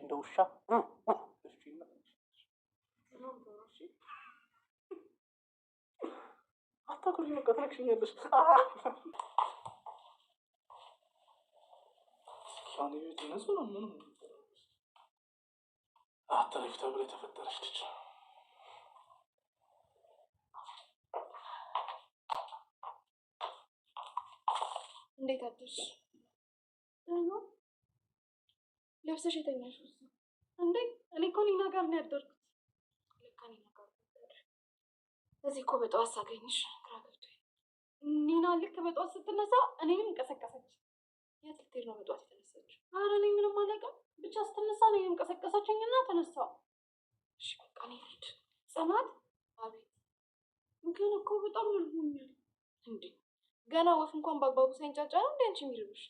እንደ ውሻ አታኩሪ በቃ ትረክሽኛለሽ። አትረፊ ተብላ የተፈጠረች ልጅ እንዴት አደርሽ? ለብሰሽ የተኛሽ እንዴ? እኔ እኮ ኒና ጋር ነው ያደርኩት። ለካ ኒና ጋር እዚህ እኮ በጠዋት ሳገኝሽ ግራ ገብቶኝ፣ ኒና ልክ በጠዋት ስትነሳ እኔንም እንቀሰቀሰች። የት ልትሄድ ነው በጠዋት የተነሳችው? ኧረ እኔ ምንም አላውቅም፣ ብቻ ስትነሳ እኔን እንቀሰቀሰችኝ እና እሺ በቃ እኔ ልሂድ። ጽናት፣ አቤት። ግን እኮ በጣም ልልሆኛል እንዴ! ገና ወፍ እንኳን በአግባቡ ሳይንጫጫ ነው እንዴ አንቺ የሚርብሽ?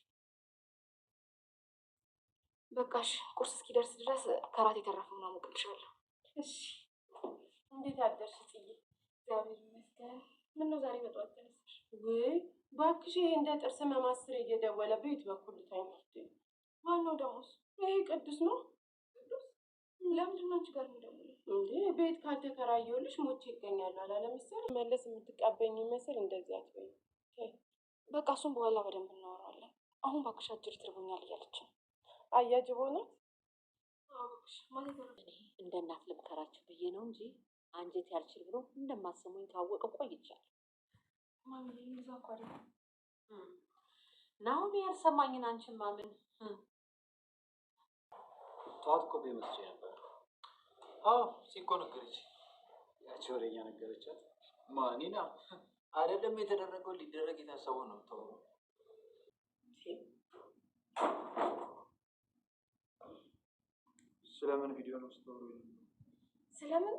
በቃሽ፣ ቁርስ እስኪደርስ ድረስ ከራት የተረፈውን አሞቅልሻለሁ። እሺ፣ እንዴት አደርሽ ጽዬ? እግዚአብሔር ይመስገን። ምነው ዛሬ በጠዋት ተነሳሽ? ውይ ባክሽ፣ ይሄ እንደ ጥርስ መማስር እየደወለ ቤት በኩል ታይመርት። ማነው ደግሞ ይሄ? ቅዱስ ነው። ቅዱስ ለምንድን ነው አንቺ ጋር የሚደውለው? እንዴ ቤት ካልተከራየሁልሽ ሞቼ ይገኛሉ አላለ መሰለኝ። መለስ የምትቀበኝ ይመስል እንደዚህ አትበይ። በቃ እሱን በኋላ በደንብ እናወራለን። አሁን ባክሽ አጅር ትርቡኛል እያለች ነው አያጅቦ ነው እንደ እናት ልምከራችሁ ብዬ ነው እንጂ አንጀት ያልችል ብሎ እንደማሰሙኝ ካወቀ ቆይቻለሁ። ናሁም ያልሰማኝን አንቺን ማምን ጠዋት እኮ ቤት መስቼ ነበር። አዎ ሲኮ ነገረች። ያቺ ወሬኛ ነገረቻት። ማኒና አይደለም የተደረገው ሊደረግ የታሰበው ነው ተው ስለምን ቪዲዮ ነው ስታወሩ? ስለምን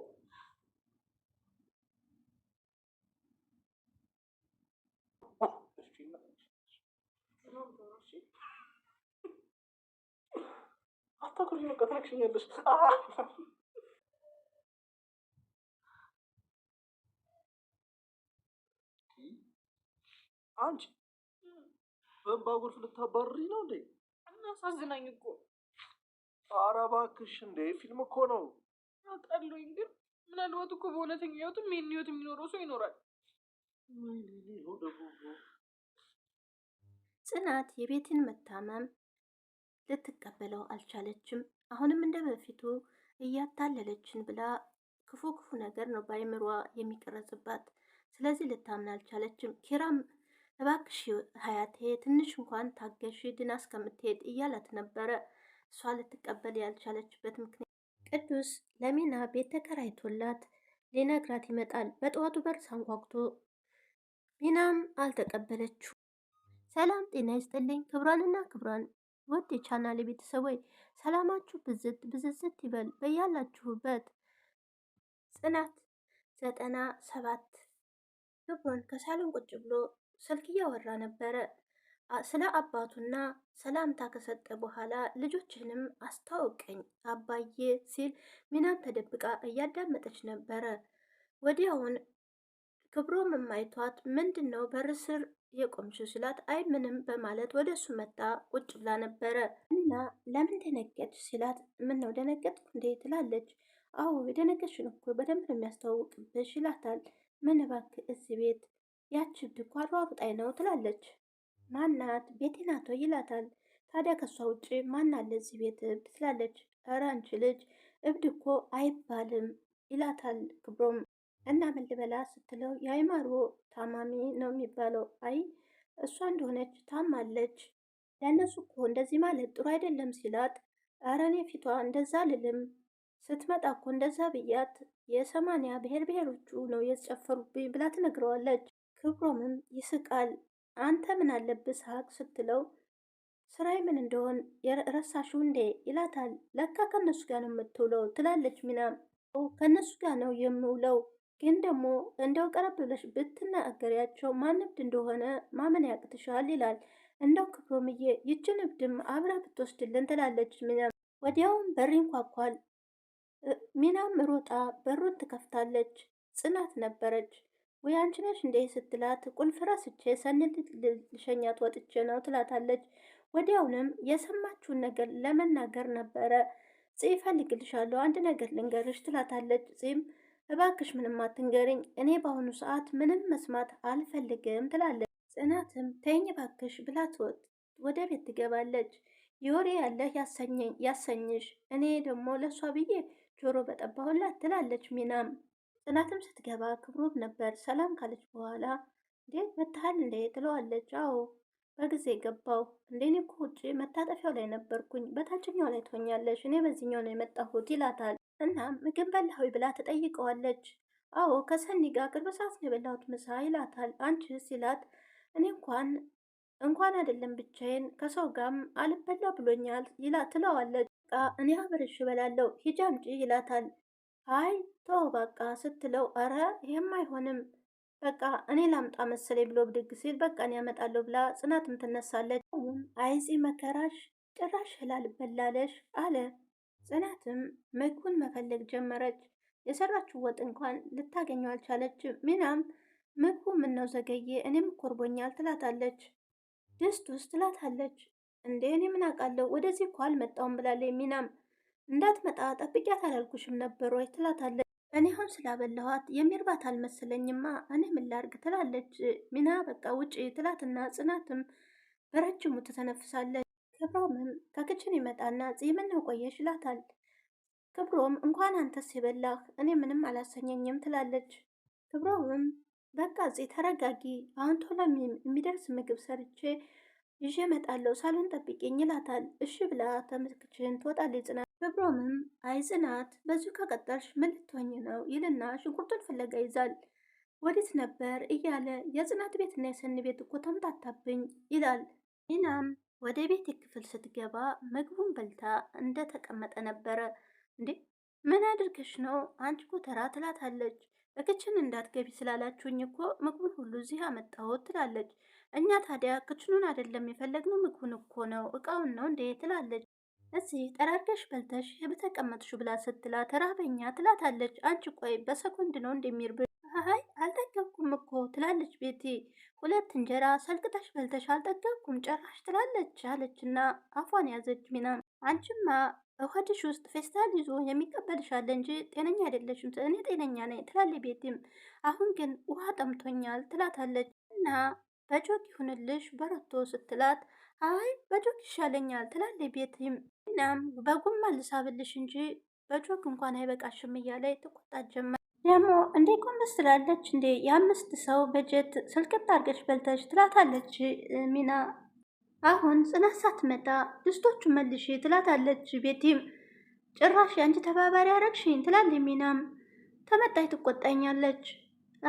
አታኩሪ ነው ከተረክሽኛለሽ። አንቺ በእምባ ጎርፍ ልታባሪ ነው እንዴ? እናሳዝናኝ እኮ ኧረ እባክሽ እንዴ! ፊልም እኮ ነው። አውቃለሁኝ፣ ግን ምናልባት እኮ በእውነተኛ ህይወትም ይህን ህይወት የሚኖረው ሰው ይኖራል። ጽናት የቤትን መታመም ልትቀበለው አልቻለችም። አሁንም እንደ በፊቱ እያታለለችን ብላ ክፉ ክፉ ነገር ነው በአይምሯ የሚቀረጽባት። ስለዚህ ልታምን አልቻለችም። ኪራም እባክሽ ሀያቴ ትንሽ እንኳን ታገሽ ድና እስከምትሄድ እያላት ነበረ። እሷ ልትቀበል ያልቻለችበት ምክንያት ቅዱስ ለሚና ቤት ተከራይቶላት ሊነግራት ይመጣል። በጠዋቱ በር ሳንኳኩቶ ሚናም አልተቀበለችው። ሰላም ጤና ይስጥልኝ ክብሯንና ክብሯን ውድ የቻናል ቤተሰቦች ሰላማችሁ ብዝት ብዝዝት ይበል በያላችሁበት። ጽናት ዘጠና ሰባት ክብሮን ከሳሎን ቁጭ ብሎ ስልክ እያወራ ነበረ። ስለ አባቱና ሰላምታ ከሰጠ በኋላ ልጆችንም አስታውቀኝ አባዬ ሲል ሚናም ተደብቃ እያዳመጠች ነበረ። ወዲያውን ክብሮም የማይቷት ምንድን ነው በር ስር የቆምሽው ሲላት አይ ምንም በማለት ወደ እሱ መጣ ቁጭ ብላ ነበረ። እና ለምን ደነገጥሽ ስላት፣ ምን ነው ደነገጥኩ እንዴ ትላለች። አዎ የደነገጥሽን እኮ በደንብ የሚያስተዋውቅብሽ ይላታል። ምን እባክህ እዚህ ቤት ያችብ ብኳ አሯሩጣይ ነው ትላለች። ማናት? ቤቴ ናቶ ይላታል። ታዲያ ከሷ ውጭ አለ እዚህ ቤት እብድ ትላለች። ኧረ አንቺ ልጅ እብድ እኮ አይባልም ይላታል ክብሮም። እና ምን ልበላ ስትለው የአይማሮ ታማሚ ነው የሚባለው። አይ እሷ እንደሆነች ታማለች፣ ለእነሱ እኮ እንደዚህ ማለት ጥሩ አይደለም ሲላት፣ ኧረ እኔ ፊቷ እንደዛ ልልም ስትመጣ እኮ እንደዛ ብያት የሰማንያ ብሔር ብሔሮቹ ነው የተጨፈሩብኝ ብላ ትነግረዋለች። ክብሮምም ይስቃል። አንተ ምን አለብህ ሳቅ ስትለው ስራይ ምን እንደሆን ረሳሽው እንዴ ይላታል። ለካ ከነሱ ጋር ነው የምትውለው ትላለች ሚናም። ከነሱ ጋር ነው የምውለው ግን ደግሞ እንደው ቀረብ ብለሽ ብትናገሪያቸው ማን እብድ እንደሆነ ማመን ያቅትሻል ይላል። እንደው ክብሮምዬ ይችን እብድም አብራ ብትወስድልን ትላለች ሚናም። ወዲያውም በር ይንኳኳል። ሚናም ሮጣ በሩን ትከፍታለች። ጽናት ነበረች። ወይ አንቺ ነሽ እንዴ ስትላት ቁልፍ ረስቼ ሰንን ልሸኛት ወጥቼ ነው ትላታለች። ወዲያውንም የሰማችውን ነገር ለመናገር ነበረ። ጽ እፈልግልሻለሁ፣ አንድ ነገር ልንገርሽ ትላታለች። ጽም እባክሽ ምንም አትንገርኝ፣ እኔ በአሁኑ ሰዓት ምንም መስማት አልፈልግም ትላለች። ጽናትም ተይኝ እባክሽ ብላት ወደ ቤት ትገባለች። የወሬ ያለህ ያሰኝሽ፣ እኔ ደግሞ ለእሷ ብዬ ጆሮ በጠባሁላት ትላለች ሚናም ጽናትም ስትገባ ክብሮም ነበር ሰላም ካለች በኋላ እንዴ መታሃል እንዴ ትለዋለች። አዎ በጊዜ ገባው እንደኔ እኮ ውጭ መታጠፊያው ላይ ነበርኩኝ። በታችኛው ላይ ትሆኛለሽ፣ እኔ በዚህኛው ነው የመጣሁት ይላታል። እናም ምግብ በላዊ ብላ ትጠይቀዋለች። አዎ ከሰኒ ጋር ቅርብ ሰዓት ነው የበላሁት ምሳ ይላታል። አንቺስ ይላት እኔ እንኳን እንኳን አይደለም ብቻዬን ከሰው ጋም አልበላ ብሎኛል ይላ ትለዋለች። እኔ አብርሽ እበላለሁ ሂጂ አምጪ ይላታል። አይ ተው በቃ ስትለው፣ አረ ይሄም አይሆንም በቃ እኔ ላምጣ መሰለኝ ብሎ ብድግ ሲል በቃ እኔ ያመጣለሁ ብላ ጽናትም ትነሳለች። አይዚ መከራሽ ጭራሽ በላለሽ አለ። ጽናትም ምግቡን መፈለግ ጀመረች። የሰራችው ወጥ እንኳን ልታገኘው አልቻለች። ሚናም ምግቡ ምነው ዘገየ? እኔም ኮርቦኛል ትላታለች። ድስት ውስጥ ትላታለች። እንዴ እኔ ምን አውቃለሁ ወደዚህ እኮ አልመጣውም ብላለች ሚናም እንዳትመጣ ጠብቂያት አላልኩሽም ነበር ወይ ትላታለች። እኔ አሁን ስላበላኋት የሚርባት አልመሰለኝማ እኔ ምን ላርግ ትላለች። ሚና በቃ ውጪ ትላትና ጽናትም በረጅሙ ትተነፍሳለች። ክብሮምም ከክችን ይመጣና ፂምነው ቆየሽ ይላታል። ክብሮም እንኳን አንተስ የበላህ እኔ ምንም አላሰኘኝም ትላለች። ክብሮምም በቃ ፂ ተረጋጊ፣ አሁን ቶሎ የሚደርስ ምግብ ሰርቼ ይዤ እመጣለሁ፣ ሳሎን ጠብቂኝ ይላታል። እሺ ብላ ተምክችን ትወጣለች ጽናት ክብሮምም አይ ጽናት በዚሁ ከቀጠልሽ ምን ልትሆኝ ነው ይልና ሽንኩርቱን ፍለጋ ይዛል። ወዴት ነበር እያለ የጽናት ቤትና የሰኒ ቤት እኮ ተምታታብኝ ይላል። ኢናም ወደ ቤት ክፍል ስትገባ ምግቡን በልታ እንደተቀመጠ ነበረ። እንዴ ምን አድርገሽ ነው አንቺ ጎተራ ትላታለች። በክችን እንዳትገቢ ስላላችሁኝ እኮ ምግቡን ሁሉ እዚህ አመጣሁት ትላለች። እኛ ታዲያ ክችኑን አይደለም የፈለግነው ምግቡን እኮ ነው እቃውን ነው እንዴ ትላለች። እዚህ ጠራርገሽ በልተሽ የምተቀመጥሽው ብላ ስትላት ራበኛ ትላታለች። አንቺ ቆይ በሰኮንድ ነው እንደሚርብ አይ አልጠገብኩም እኮ ትላለች ቤቲ። ሁለት እንጀራ ሰልቅጠሽ በልተሽ አልጠገብኩም ጨራሽ ትላለች አለችና አፏን ያዘች ሚና። አንቺማ እሆድሽ ውስጥ ፌስታል ይዞ የሚቀበልሽ እንጂ ጤነኛ አይደለሽም። እኔ ጤነኛ ነኝ ትላለች ቤቲም። አሁን ግን ውሃ ጠምቶኛል ትላታለች እና በጆግ ይሁንልሽ በረቶ ስትላት አይ በጆክ ይሻለኛል ትላለች ቤትም። እናም በጎማ ልሳብልሽ እንጂ በጆክ እንኳን አይበቃሽም እያለ ትቆጣ ጀመር። ደግሞ እንዴ ጎንበስ ትላለች። እንዴ የአምስት ሰው በጀት ስልክት አርገች በልተች ትላታለች ሚና። አሁን ጽናት ሳትመጣ ድስቶቹ መልሽ ትላታለች ቤቲም። ጭራሽ አንቺ ተባባሪ አረግሽኝ ትላለች ሚናም። ተመጣይ ትቆጣኛለች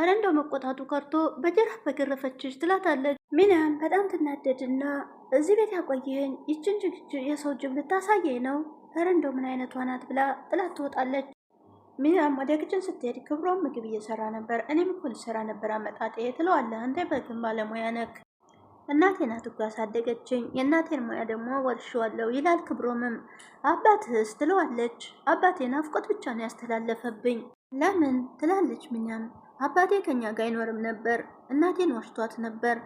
አረ እንደው መቆጣቱ ቀርቶ በጅራፍ በገረፈችሽ ትላታለች። ሚናም በጣም ትናደድና እዚህ ቤት ያቆየህኝ ይችን የሰው ጅብ ልታሳየኝ ነው? አረ እንደው ምን አይነቷ ናት ብላ ጥላት ትወጣለች። ሚናም ወደ ክችን ስትሄድ ክብሮም ምግብ እየሰራ ነበር። እኔም እኮ ልሰራ ነበር አመጣጤ ትለዋለህ። አንተ በግን ባለሙያ ነክ እናቴ ናት እኮ ያሳደገችኝ፣ የእናቴን ሙያ ደግሞ ወርሼዋለሁ ይላል ክብሮምም። አባትህስ ትለዋለች። አባቴ ናፍቆት ብቻ ነው ያስተላለፈብኝ። ለምን ትላለች ሚናም አባቴ ከኛ ጋር አይኖርም ነበር፣ እናቴን ወስቷት ነበር፣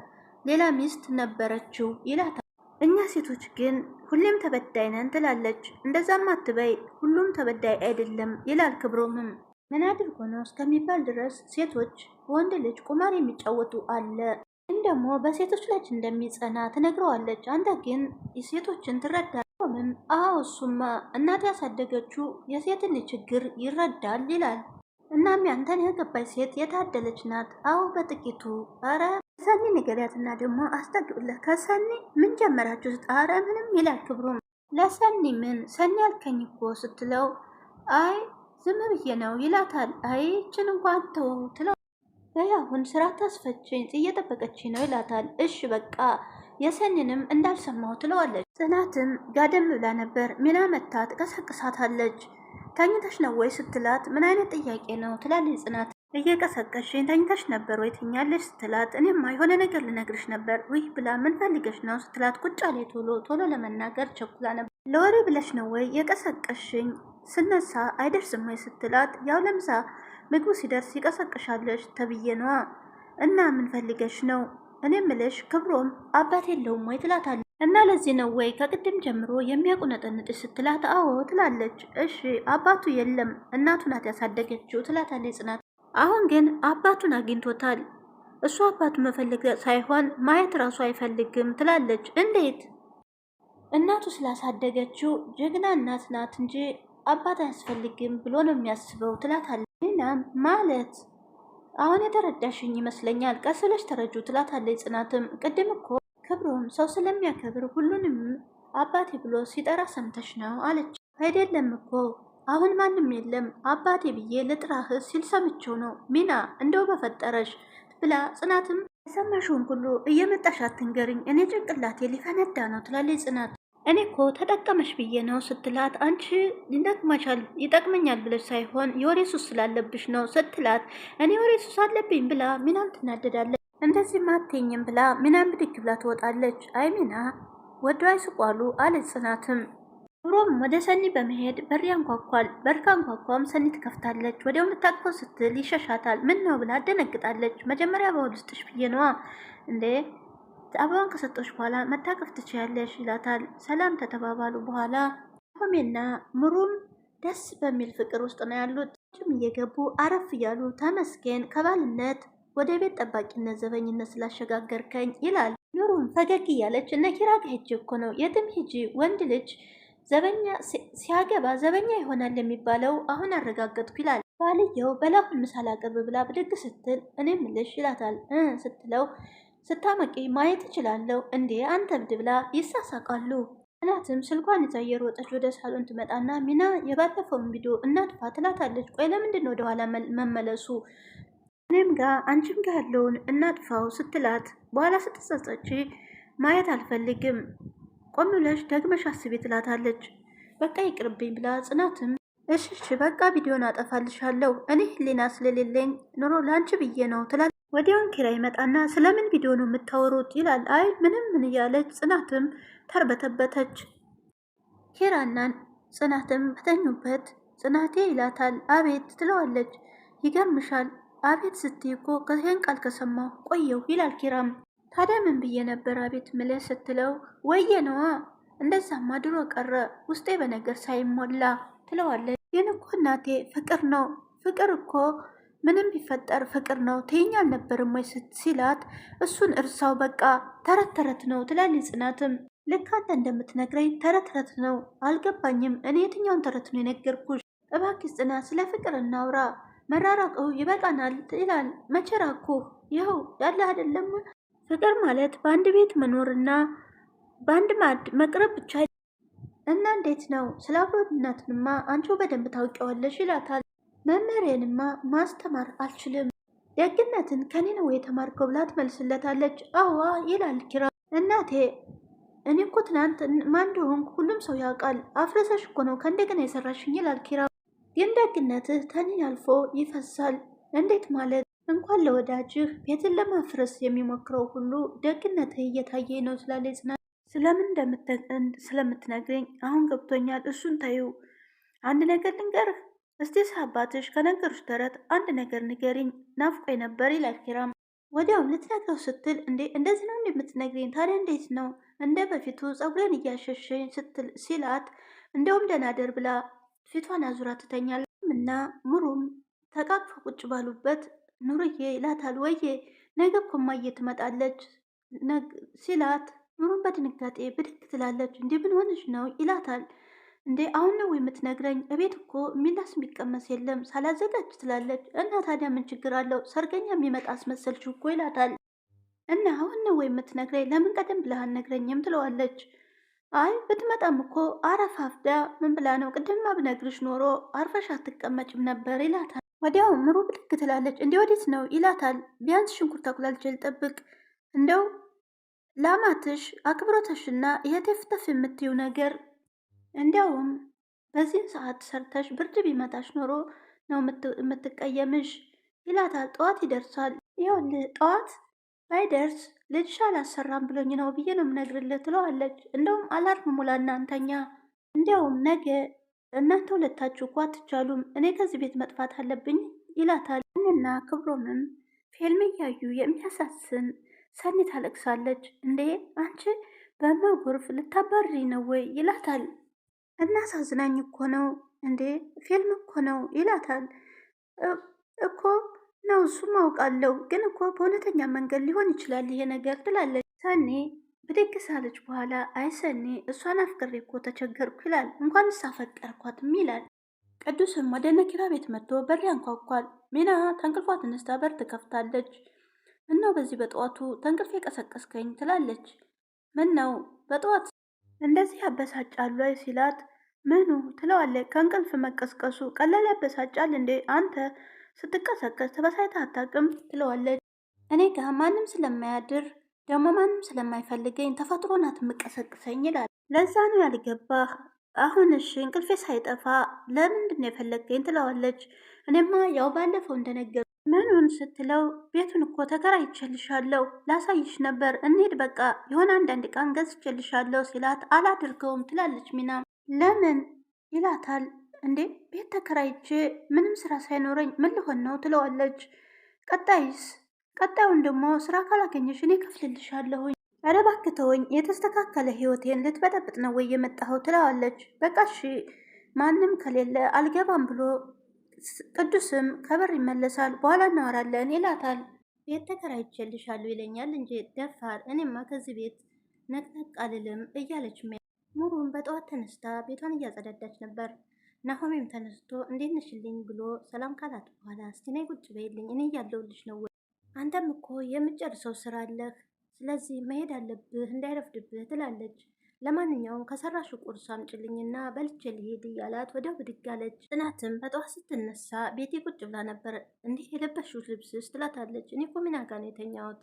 ሌላ ሚስት ነበረችው ይላታል። እኛ ሴቶች ግን ሁሌም ተበዳይ ነን ትላለች። እንደዛም አትበይ፣ ሁሉም ተበዳይ አይደለም ይላል ክብሮምም። ምን አድርጎ ነው እስከሚባል ድረስ ሴቶች ወንድ ልጅ ቁማር የሚጫወቱ አለ ግን ደግሞ በሴቶች ልጅ እንደሚጸና ትነግረዋለች። አንተ ግን የሴቶችን ትረዳ ምም አዎ እሱማ እናት ያሳደገችው የሴትን ችግር ይረዳል ይላል። እናም ያንተን ያገባች ሴት የታደለች ናት። አዎ በጥቂቱ አረ ሰኒ ንገሪያትና ደግሞ አስጠግብለት። ከሰኒ ምን ጀመራችሁ? አረ ምንም ይላል ክብሩም። ለሰኒ ምን ሰኒ ያልከኝ እኮ ስትለው አይ ዝም ብዬ ነው ይላታል። አይ ይችን እንኳን ተወው ትለው። በያሁን ስራ ታስፈችኝ እየጠበቀች ነው ይላታል። እሽ በቃ የሰኒንም እንዳልሰማው ትለዋለች። ጽናትም ጋደም ብላ ነበር ሚና መታ ትቀሳቅሳታለች። ተኝተሽ ነው ወይ ስትላት ምን አይነት ጥያቄ ነው ትላለች ጽናት። እየቀሰቀስሽኝ ተኝተሽ ነበር ወይ ትኛለሽ ስትላት እኔማ የሆነ ነገር ልነግርሽ ነበር ውይ ብላ ምን ፈልገሽ ነው ስትላት ቁጭ ላይ ቶሎ ቶሎ ለመናገር ቸኩላ ነበር። ለወሬ ብለሽ ነው ወይ የቀሰቀሽኝ? ስነሳ አይደርስም ወይ ስትላት ያው ለምሳ ምግቡ ሲደርስ ይቀሰቅሻለች ተብዬ ነዋ እና ምን ፈልገሽ ነው እኔ ምልሽ ክብሮም አባት የለውም ወይ ትላታለች። እና ለዚህ ነው ወይ ከቅድም ጀምሮ የሚያቁነጠንጥሽ ስትላት፣ አዎ ትላለች። እሺ አባቱ የለም እናቱ ናት ያሳደገችው ትላታለች ጽናት። አሁን ግን አባቱን አግኝቶታል። እሱ አባቱ መፈለግ ሳይሆን ማየት ራሱ አይፈልግም ትላለች። እንዴት? እናቱ ስላሳደገችው ጀግና እናት ናት እንጂ አባት አያስፈልግም ብሎ ነው የሚያስበው ትላታለች። እናም ማለት አሁን የተረዳሽኝ ይመስለኛል። ቀስ ተረጁ ትላታለች ጽናትም ቅድም እኮ አያከብሩም። ሰው ስለሚያከብር ሁሉንም አባቴ ብሎ ሲጠራ ሰምተሽ ነው አለች። አይደለም እኮ አሁን ማንም የለም አባቴ ብዬ ልጥራህ ሲል ሰምቼው ነው ሚና፣ እንደው በፈጠረሽ ብላ ጽናትም የሰማሽውን ሁሉ እየመጣሽ አትንገርኝ፣ እኔ ጭንቅላቴ ሊፈነዳ ነው ትላለች ጽናት። እኔ እኮ ተጠቀመሽ ብዬ ነው ስትላት፣ አንቺ ይጠቅመሻል ይጠቅመኛል ብለሽ ሳይሆን የወሬ ሱስ ስላለብሽ ነው ስትላት፣ እኔ ወሬ ሱስ አለብኝ ብላ ሚናም ትናደዳለች። እንደዚህ ማተኝም ብላ ምናም ብድግ ብላ ትወጣለች። አይሚና ወደ አይስቋሉ አለ ጽናትም ኑሮም ወደ ሰኒ በመሄድ በር ያንኳኳል። በር ካንኳኳም ሰኒ ትከፍታለች። ወዲያው ልታቅፈው ስትል ይሸሻታል። ምን ነው ብላ አደነግጣለች። መጀመሪያ በሆድ ውስጥሽ ብዬ ነዋ እንዴ አበባን ከሰጠች በኋላ መታቀፍ ትችያለሽ ይላታል። ሰላም ተተባባሉ በኋላ ሆሜና ምሩም ደስ በሚል ፍቅር ውስጥ ነው ያሉት። ጭም እየገቡ አረፍ እያሉ ተመስገን ከባልነት ወደ ቤት ጠባቂነት ዘበኝነት ስላሸጋገርከኝ ይላል። ኑሩም ፈገግ እያለች እነ ኪራ ጋ እኮ ነው የትም ሂጂ ወንድ ልጅ ዘበኛ ሲያገባ ዘበኛ ይሆናል የሚባለው አሁን አረጋገጥኩ ይላል። ባልየው በላኩን ምሳል አቅርብ ብላ ብድግ ስትል እኔ ምልሽ ይላታል። ስትለው ስታመቂ ማየት እችላለሁ እንዴ አንተ ብድ ብላ ይሳሳቃሉ። እናትም ስልኳን ይዛ እየሮጠች ወደ ሳሎን ትመጣና ሚና የባለፈውን ቪዲዮ እናጥፋ ትላታለች። ቆይ ለምንድን ነው ወደኋላ መመለሱ እኔም ጋ አንቺም ጋ ያለውን እናጥፋው ስትላት በኋላ ስትጸጸች ማየት አልፈልግም፣ ቆም ብለሽ ደግመሽ አስቤ ትላታለች። በቃ ይቅርብኝ ብላ ጽናትም እሽሽ በቃ ቪዲዮን አጠፋልሻለሁ እኔ ህሊና ስለሌለኝ ኑሮ ለአንቺ ብዬ ነው ትላል። ወዲያውን ኪራ ይመጣና ስለምን ቪዲዮ ነው የምታወሩት ይላል። አይ ምንም ምን እያለች ጽናትም ተርበተበተች። ኪራና ጽናትም በተኙበት ጽናቴ ይላታል። አቤት ትለዋለች። ይገርምሻል አቤት ስትይ እኮ ይህን ቃል ከሰማ ቆየው ይላል ኪራም። ታዲያ ምን ብዬ ነበር አቤት ምለ ስትለው ወየ ነዋ እንደዛማ ድሮ ቀረ ውስጤ በነገር ሳይሞላ ትለዋለች። ይህን እኮ እናቴ ፍቅር ነው ፍቅር እኮ ምንም ቢፈጠር ፍቅር ነው ትይኝ አልነበርም ወይ ሲላት እሱን እርሳው በቃ ተረት ተረት ነው ትላለች ጽናትም ልክ አንተ እንደምትነግረኝ ተረት ተረት ነው አልገባኝም እኔ የትኛውን ተረት ነው የነገርኩሽ እባክሽ ጽናት ስለ ፍቅር እናውራ መራራቀው ይበቃናል ይላል። መቸራኩ ይኸው ያለ አይደለም። ፍቅር ማለት በአንድ ቤት መኖርና በአንድ ማድ መቅረብ ብቻ እና እንዴት ነው ስለ አብሮነትንማ አንቺው በደንብ ታውቂዋለሽ ይላታል። መምህሬንማ ማስተማር አልችልም ደግነትን ከኔ ነው የተማርከው ብላ ትመልስለታለች። አዋ ይላል ኪራ። እናቴ እኔ እኮ ትናንት ማን ሁሉም ሰው ያውቃል፣ አፍረሰሽ እኮ ነው ከእንደገና የሰራሽኝ ይላል ኪራ። የእንዳግነትህ ከኔ አልፎ ይፈሳል። እንዴት ማለት እንኳን ለወዳጅህ ቤትን ለማፍረስ የሚሞክረው ሁሉ ደግነትህ እየታየ ነው ስላለች ጽናት ስለምን ስለምትነግረኝ አሁን ገብቶኛል። እሱን ታዩ አንድ ነገር ልንገርህ እስቲ አባትሽ ከነገሮች ተረት አንድ ነገር ንገሪኝ፣ ናፍቆ ነበር ይላል ኪራም። ወዲያው ልትነግረው ስትል እንዴ እንደዚህ ነው እንደምትነግሪኝ? ታዲያ እንዴት ነው እንደ በፊቱ ጸጉሬን እያሸሸኝ ስትል ሲላት እንደውም ደናደር ብላ ፊቷን አዙራ ትተኛለም እና ምሩም ተቃቅፎ ቁጭ ባሉበት ኑርዬ ይላታል። ወዬ ነገ እኮ እማዬ ትመጣለች ሲላት ኑሩን በድንጋጤ ብድግ ትላለች። እንዲህ ምን ሆነሽ ነው ይላታል። እንዴ አሁን ነው የምትነግረኝ? እቤት እኮ የሚላስ የሚቀመስ የለም ሳላዘጋጅ ትላለች። እና ታዲያ ምን ችግር አለው? ሰርገኛ የሚመጣ አስመሰልሽ እኮ ይላታል። እና አሁን ነው የምትነግረኝ? ለምን ቀደም ብለህ አልነግረኝም? ትለዋለች አይ ብትመጣም እኮ አረፋፍዳ ምን ብላ ነው? ቅድም ብነግርሽ ኖሮ አርፈሽ አትቀመጭም ነበር ይላታል። ወዲያው ምሩ ብድግ ትላለች። እንዲህ ወዴት ነው ይላታል። ቢያንስ ሽንኩርት አኩላልችል ጠብቅ፣ እንደው ላማትሽ አክብሮተሽና የተፍተፍ የምትይው ነገር እንዲያውም በዚህን ሰዓት ሰርተሽ ብርድ ቢመታሽ ኖሮ ነው የምትቀየምሽ ይላታል። ጠዋት ይደርሳል። ይኸውልህ ጠዋት ባይደርስ ልጅሽ አላሰራም ብሎኝ ነው ብዬ ነው የምነግርልህ ትለዋለች። እንደውም አላርም ሙላ እናንተኛ እንዲያውም ነገ እናንተ ሁለታችሁ እኮ አትቻሉም፣ እኔ ከዚህ ቤት መጥፋት አለብኝ ይላታል። እኔና ክብሮምም ፊልም እያዩ የሚያሳስን ሰኒ ታለቅሳለች። እንዴ አንቺ በመጎርፍ ልታባሪ ነው ወይ ይላታል። እናሳዝናኝ እኮ ነው እንዴ ፊልም እኮ ነው ይላታል እኮ ነው እሱም አውቃለሁ፣ ግን እኮ በእውነተኛ መንገድ ሊሆን ይችላል ይሄ ነገር ትላለች ሰኔ ብድግ ሳለች በኋላ አይሰኔ እሷን አፍቅሬ እኮ ተቸገርኩ ይላል። እንኳን ሳፈቀርኳትም ይላል። ቅዱስም ወደ ነኪራ ቤት መጥቶ በር ያንኳኳል። ሚና ተንቅልፏ ተነስታ በር ትከፍታለች። ምነው በዚህ በጠዋቱ ተንቅልፍ የቀሰቀስከኝ ትላለች። ምን ነው በጠዋት እንደዚህ ያበሳጫሉ አይ ሲላት ምኑ ትለዋለ። ከእንቅልፍ መቀስቀሱ ቀላል ያበሳጫል እንዴ አንተ ስትቀሰቀስ ተበሳይታ አታውቅም ትለዋለች። እኔ ጋ ማንም ስለማያድር ደግሞ ማንም ስለማይፈልገኝ ተፈጥሮ ናት የምቀሰቅሰኝ ይላል። ለዛ ነው ያልገባህ አሁን እሺ እንቅልፌ ሳይጠፋ ለምንድን የፈለገኝ? ትለዋለች። እኔማ ያው ባለፈው እንደነገር ምኑን ስትለው ቤቱን እኮ ተከራይቼልሻለሁ ላሳይሽ ነበር እንሄድ በቃ የሆነ አንዳንድ ዕቃን ገዝቼልሻለሁ ሲላት አላድርገውም ትላለች። ሚና ለምን ይላታል። እንዴ ቤት ተከራይቼ ምንም ስራ ሳይኖረኝ ምን ልሆን ነው ትለዋለች። ቀጣይስ ቀጣዩን ደግሞ ስራ ካላገኘሽ እኔ ከፍልልሻለሁኝ። ኧረ እባክህ ተወኝ፣ የተስተካከለ ህይወቴን ልትበጠብጥ ነው ወይ የመጣኸው ትለዋለች። በቃ እሺ ማንም ከሌለ አልገባም ብሎ ቅዱስም ከበር ይመለሳል። በኋላ እናወራለን ይላታል። ቤት ተከራይቼልሻለሁ ይለኛል እንጂ ደፋር፣ እኔማ ከዚህ ቤት ነቅነቅ አልልም እያለች ሙሩን በጠዋት ተነስታ ቤቷን እያጸዳዳች ነበር። ናሆሜም ተነስቶ እንዴት ነሽልኝ ብሎ ሰላም ካላት በኋላ እስቲ ነይ ቁጭ በይልኝ እኔ ያለሁልሽ ነው። አንተም እኮ የምጨርሰው ስራ አለህ፣ ስለዚህ መሄድ አለብህ እንዳይረፍድብህ ትላለች። ለማንኛውም ከሰራሹ ቁርስ አምጭልኝና በልቼ ልሄድ እያላት ወዲያው ብድግ አለች። ጽናትም በጠዋት ስትነሳ ቤቴ ቁጭ ብላ ነበር። እንዲህ የለበስሽው ልብስስ ትላታለች። እኔ እኮ ሚና ጋር ነው የተኛሁት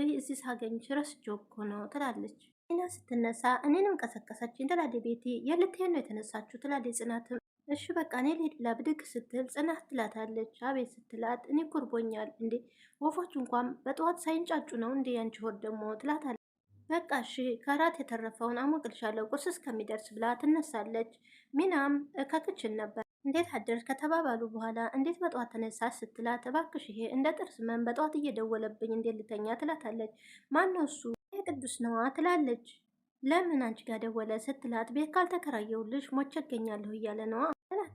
ይህ እዚህ ሳገኝሽ ረስቼው እኮ ነው ትላለች። ሚና ስትነሳ እኔንም ቀሰቀሰችኝ ትላለች ቤቴ። የልትሄድ ነው የተነሳችሁ ትላለች ጽናትም እሺ በቃ እኔ ልሄድ ብድግ ስትል ጽናት ትላታለች። አቤት ስትላት እኔ ኮርቦኛል እንዴ ወፎች እንኳን በጠዋት ሳይንጫጩ ነው እንዴ ያንቺ ሆድ ደግሞ ትላታለች። በቃ እሺ ከራት የተረፈውን አሞቅልሻለሁ ቁርስ እስከሚደርስ ብላ ትነሳለች። ሚናም ከክችን ነበር እንዴት አደርሽ ከተባባሉ በኋላ እንዴት በጠዋት ተነሳ ስትላት፣ እባክሽ ይሄ እንደ ጥርስ መን በጠዋት እየደወለብኝ እንዴት ልተኛ ትላታለች። ማነው እሱ? ቅዱስ ነዋ ትላለች። ለምን አንቺ ጋር ደወለ ስትላት፣ ቤት ካልተከራየውልሽ ሞቼ እገኛለሁ እያለ ነዋ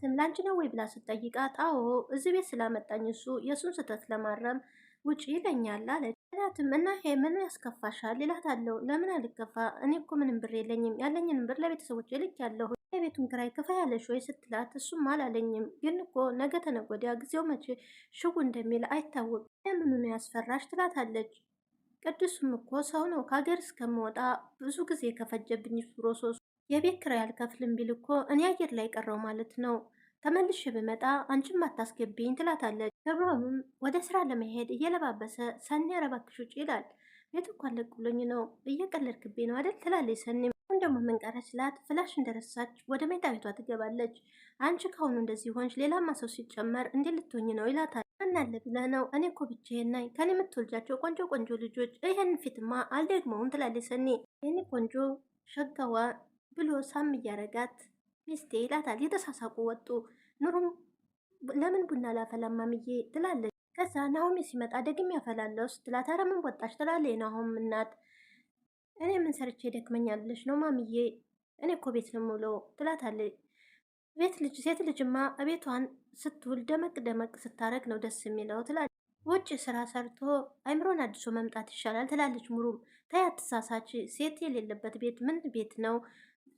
አላትም። ላንቺ ነው ወይ ብላ ስጠይቃት፣ አዎ እዚህ ቤት ስላመጣኝ እሱ የእሱን ስህተት ለማረም ውጭ ይለኛል አለች። እናትም እና ሄ ምን ያስከፋሻል ይላት አለው። ለምን አልከፋ እኔ እኮ ምንም ብር የለኝም ያለኝንም ብር ለቤተሰቦች ልክ ያለሁ የቤቱን ክራይ ክፋ ያለሽ ወይ ስትላት፣ እሱም አላለኝም ግን እኮ ነገ ተነጎዲያ ጊዜው መቼ ሽጉ እንደሚል አይታወቅም ለምኑ ነው ያስፈራሽ ትላታለች። ቅዱስም እኮ ሰው ነው ከሀገር እስከምወጣ ብዙ ጊዜ ከፈጀብኝ ብሮሶ የቤት ክራይ አልከፍልም ቢል እኮ እኔ አየር ላይ ቀረው ማለት ነው። ተመልሼ ብመጣ አንቺም አታስገብኝ ትላታለች። ክብሮምም ወደ ስራ ለመሄድ እየለባበሰ ሰኔ ረባክሽ ውጭ ይላል። ቤት እንኳን ለቅ ብሎኝ ነው እየቀለድክብኝ ነው አይደል ትላለች። ሰኔም አሁን ደግሞ መንቀረችላት ፍላሽ እንደረሳች ወደ መኝታ ቤቷ ትገባለች። አንቺ ከአሁኑ እንደዚህ ሆንሽ፣ ሌላማ ሰው ሲጨመር እንዴ ልትሆኝ ነው ይላታል። እናለ ብለ ነው እኔ እኮ ብቻዬን ነኝ ከኔ የምትወልጃቸው ቆንጆ ቆንጆ ልጆች ይህን ፊትማ አልደግመውም ትላለች ሰኔ። የኔ ቆንጆ ሸጋዋ ብሎ ሳም እያረጋት ሚስቴ ይላታል። የተሳሳቁ ወጡ። ኑሩም ለምን ቡና ላፈላ ማምዬ ትላለች። ከዛ ናሆሜ ሲመጣ ደግሜ ያፈላለው ስትላት ኧረ ምን ወጣች ትላለች ናሆም እናት። እኔ ምን ሰርቼ ደክመኛለች ነው ማምዬ፣ እኔ እኮ ቤት ነው የምውለው ትላታለች። ቤት ልጅ ሴት ልጅማ ቤቷን ስትውል ደመቅ ደመቅ ስታረግ ነው ደስ የሚለው ትላለች። ውጭ ስራ ሰርቶ አይምሮን አድሶ መምጣት ይሻላል ትላለች። ሙሩም ተይ አትሳሳች፣ ሴት የሌለበት ቤት ምን ቤት ነው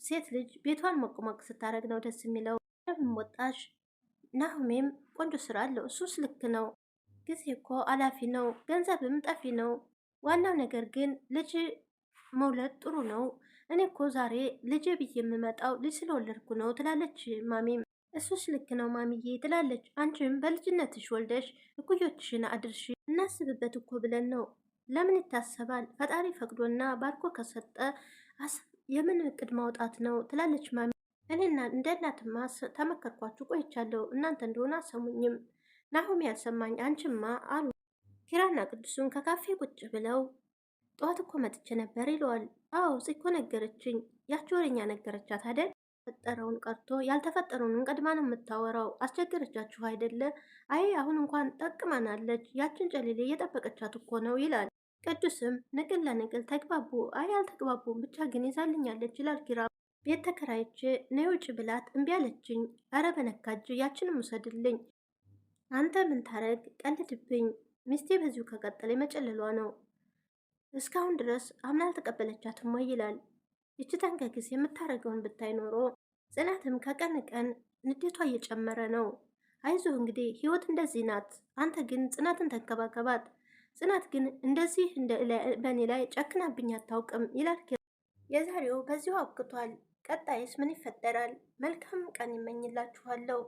ሴት ልጅ ቤቷን ሞቅሞቅ ስታደርግ ነው ደስ የሚለው። ወጣሽ ናሁሜም ቆንጆ ስራ አለው። እሱስ ልክ ነው። ጊዜ እኮ አላፊ ነው፣ ገንዘብም ጠፊ ነው። ዋናው ነገር ግን ልጅ መውለድ ጥሩ ነው። እኔ እኮ ዛሬ ልጅ ብዬ የምመጣው ልጅ ስለወለድኩ ነው ትላለች ማሚም። እሱስ ልክ ነው ማሚዬ ትላለች። አንቺም በልጅነትሽ ወልደሽ እኩዮችሽን አድርሽ እናስብበት እኮ ብለን ነው። ለምን ይታሰባል? ፈጣሪ ፈቅዶና ባርኮ ከሰጠ የምን እቅድ ማውጣት ነው ትላለች ማሚ። እኔና እንደ እናትማ ተመከርኳችሁ ቆይቻለሁ። እናንተ እንደሆነ አሰሙኝም። ናሆም ያልሰማኝ አንቺማ አሉ። ኪራና ቅዱሱን ከካፌ ቁጭ ብለው ጠዋት እኮ መጥቼ ነበር ይለዋል። አዎ ጽኮ ነገረችኝ። ያቺ ወሬኛ ነገረቻት አይደል? ፈጠረውን ቀርቶ ያልተፈጠረውን እንቀድማ ነው የምታወራው። አስቸገረቻችሁ አይደለ? አይ አሁን እንኳን ጠቅማናለች። ያችን ጨሌሌ እየጠበቀቻት እኮ ነው ይላል። ቅዱስም ንቅል ለንቅል ተግባቡ። አይ አልተግባቡም፣ ብቻ ግን ይዛልኛለች ይላል ኪራ። ቤት ተከራይቼ ነይ ውጭ ብላት እምቢ አለችኝ። አረ በነካጅ ያችንም ውሰድልኝ። አንተ ምን ታረግ፣ ቀልድብኝ። ሚስቴ በዚሁ ከቀጠለ መጨለሏ ነው። እስካሁን ድረስ አምና አልተቀበለቻትም ወይ ይላል። ይቺ ተንከክስ የምታደርገውን ብታይ ኖሮ። ጽናትም ከቀን ቀን ንዴቷ እየጨመረ ነው። አይዞህ እንግዲህ ህይወት እንደዚህ ናት። አንተ ግን ጽናትን ተንከባከባት። ጽናት ግን እንደዚህ በእኔ ላይ ጨክናብኝ አታውቅም ይላል። የዛሬው በዚሁ አብቅቷል። ቀጣይስ ምን ይፈጠራል? መልካም ቀን ይመኝላችኋለሁ።